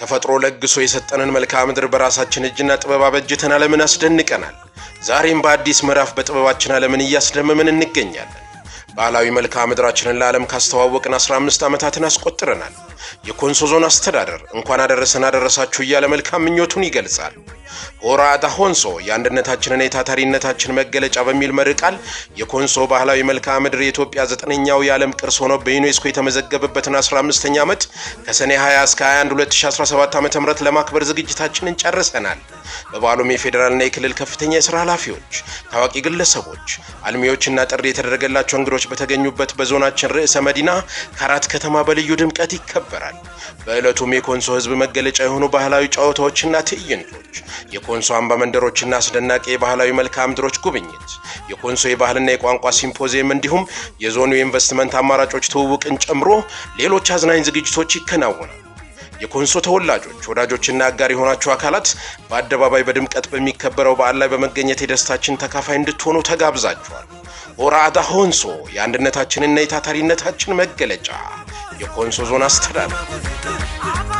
ተፈጥሮ ለግሶ የሰጠንን መልክዓ ምድር በራሳችን እጅና ጥበብ አበጅተን ዓለምን አስደንቀናል። ዛሬም በአዲስ ምዕራፍ በጥበባችን ዓለምን እያስደመምን እንገኛለን። ባህላዊ መልክዓ ምድራችንን ለዓለም ካስተዋወቅን 15 ዓመታትን አስቆጥረናል። የኮንሶ ዞን አስተዳደር እንኳን አደረሰን አደረሳችሁ እያለ መልካም ምኞቱን ይገልጻል። ሆራ ዳ ሆንሶ የአንድነታችንና የታታሪነታችን መገለጫ በሚል መሪ ቃል የኮንሶ ባህላዊ መልክዓ ምድር የኢትዮጵያ ዘጠነኛው የዓለም ቅርስ ሆኖ በዩኔስኮ የተመዘገበበትን 15ኛ ዓመት ከሰኔ 20 እስከ 21 2017 ም ለማክበር ዝግጅታችንን ጨርሰናል። በበዓሉም የፌዴራልና የክልል ከፍተኛ የስራ ኃላፊዎች፣ ታዋቂ ግለሰቦች፣ አልሚዎችና ጥሪ የተደረገላቸው እንግዶች በተገኙበት በዞናችን ርዕሰ መዲና ከአራት ከተማ በልዩ ድምቀት ይከበራል። በዕለቱም የኮንሶ ህዝብ መገለጫ የሆኑ ባህላዊ ጨዋታዎችና ትዕይንቶች የኮንሶ አምባ መንደሮችና አስደናቂ የባህላዊ መልክዓ ምድሮች ጉብኝት፣ የኮንሶ የባህልና የቋንቋ ሲምፖዚየም እንዲሁም የዞኑ የኢንቨስትመንት አማራጮች ትውውቅን ጨምሮ ሌሎች አዝናኝ ዝግጅቶች ይከናወናል። የኮንሶ ተወላጆች ወዳጆችና አጋር የሆናቸው አካላት በአደባባይ በድምቀት በሚከበረው በዓል ላይ በመገኘት የደስታችን ተካፋይ እንድትሆኑ ተጋብዛችኋል። ሆራአዳ ሆንሶ የአንድነታችንና የታታሪነታችን መገለጫ የኮንሶ ዞን አስተዳደር